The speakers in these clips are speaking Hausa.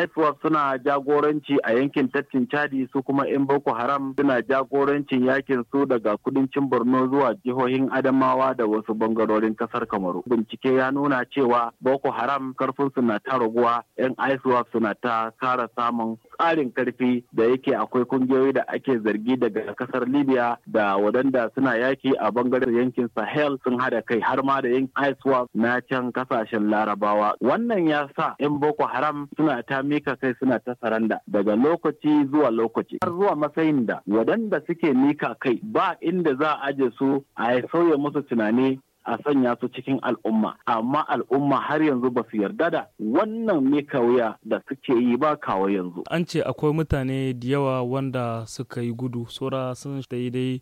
IFWAP suna jagoranci a yankin tattin Chadi su kuma 'yan Boko Haram suna jagorancin yakin su daga kudancin Borno zuwa jihohin Adamawa da wasu bangarorin kasar Kamaru. Bincike ya nuna cewa Boko Haram karfin na ta raguwa 'yan IFWAP suna ta kara samun tsarin karfi da yake akwai kungiyoyi da ake zargi daga kasar Libya da wadanda suna yaki a bangaren yankin Sahel sun hada kai har ma da yin ISWAP na can kasashen Larabawa. Wannan ya sa 'yan Boko Haram suna ta mika kai suna ta saranda daga lokaci zuwa lokaci har zuwa matsayin da wadanda suke mika kai ba inda za a aje su a sauya musu tunani a sanya su cikin al'umma amma al'umma har yanzu ba su yarda da wannan ne kawuya da suke yi ba kawo yanzu an ce akwai mutane da yawa wanda suka yi gudu saura sun tafi dai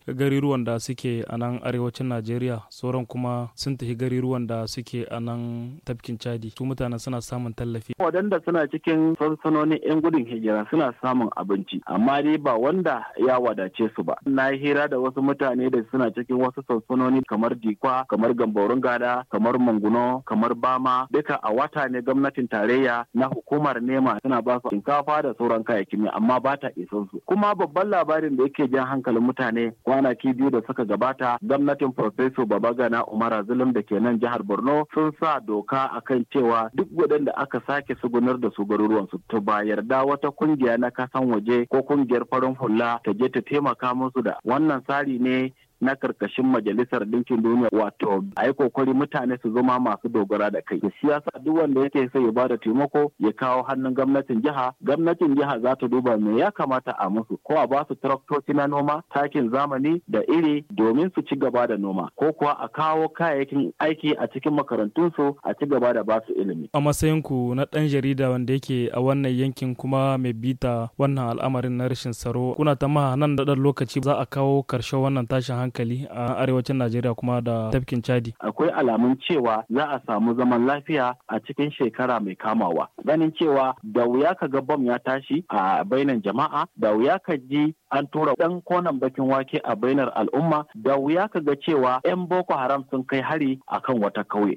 da suke a nan arewacin najeriya sauran kuma sun tafi garuruwan da suke a nan tafkin chadi su mutane suna samun tallafi waɗanda suna cikin sansanonin 'yan gudun hijira suna samun abinci amma dai ba wanda ya wadace su ba na hira da wasu mutane da suna cikin wasu sansanoni kamar dikwa kamar gamborun gada kamar manguno kamar bama duka a wata ne gwamnatin tarayya na hukumar nema suna ba su shinkafa da sauran kayayyakin amma ba ta isan su kuma babban labarin da yake jan hankalin mutane kwanaki biyu da suka gabata gwamnatin professor babagana Umar zulum da ke nan jihar borno sun sa doka akan cewa duk waɗanda aka sake sugunar da su garuruwan su to ba yarda wata kungiya na kasan waje ko kungiyar farin hula ta je ta taimaka musu da wannan tsari ne na karkashin majalisar ɗinkin duniya wato a yi kokari mutane su zama masu dogara da kai da siyasa duk wanda yake so ya bada taimako ya kawo hannun gwamnatin jiha gwamnatin jiha za ta duba me ya kamata a musu ko a ba su traktoci na noma takin zamani da iri domin su ci gaba da noma ko kuwa a kawo kayayyakin aiki a cikin makarantunsu a ci gaba da ba su ilimi a matsayin ku na ɗan jarida wanda yake a wannan yankin kuma mai bita wannan al'amarin na rashin tsaro kuna ta nan da ɗan lokaci za a kawo ƙarshen wannan tashin hankali hankali a arewacin Najeriya kuma da tafkin Chadi. Akwai alamun cewa za a samu zaman lafiya a cikin shekara mai kamawa. Ganin cewa da wuya ka ga bom ya tashi a bainar jama'a, da wuya ka ji an tura dan konan bakin wake a bainar al'umma, da wuya ka ga cewa 'yan Boko Haram sun kai hari akan wata kauye.